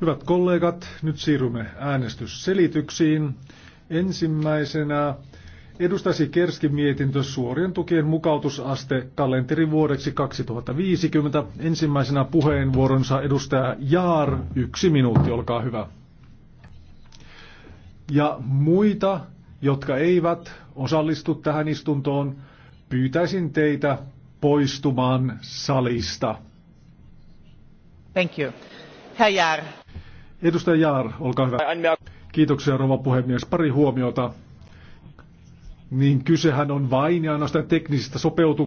Hyvät kollegat, nyt siirrymme äänestysselityksiin. Ensimmäisenä edustasi Kerskin mietintö suorien tukien mukautusaste kalenterivuodeksi 2050. Ensimmäisenä puheenvuoronsa edustaja Jaar, yksi minuutti, olkaa hyvä. Ja muita, jotka eivät osallistu tähän istuntoon, pyytäisin teitä poistumaan salista. Thank you. Herr Jaar. Edustaja Jaar, olkaa hyvä. Kiitoksia rouva puhemies. Pari huomiota. Niin kysehän on vain ja ainoastaan teknisistä sopeutuksista.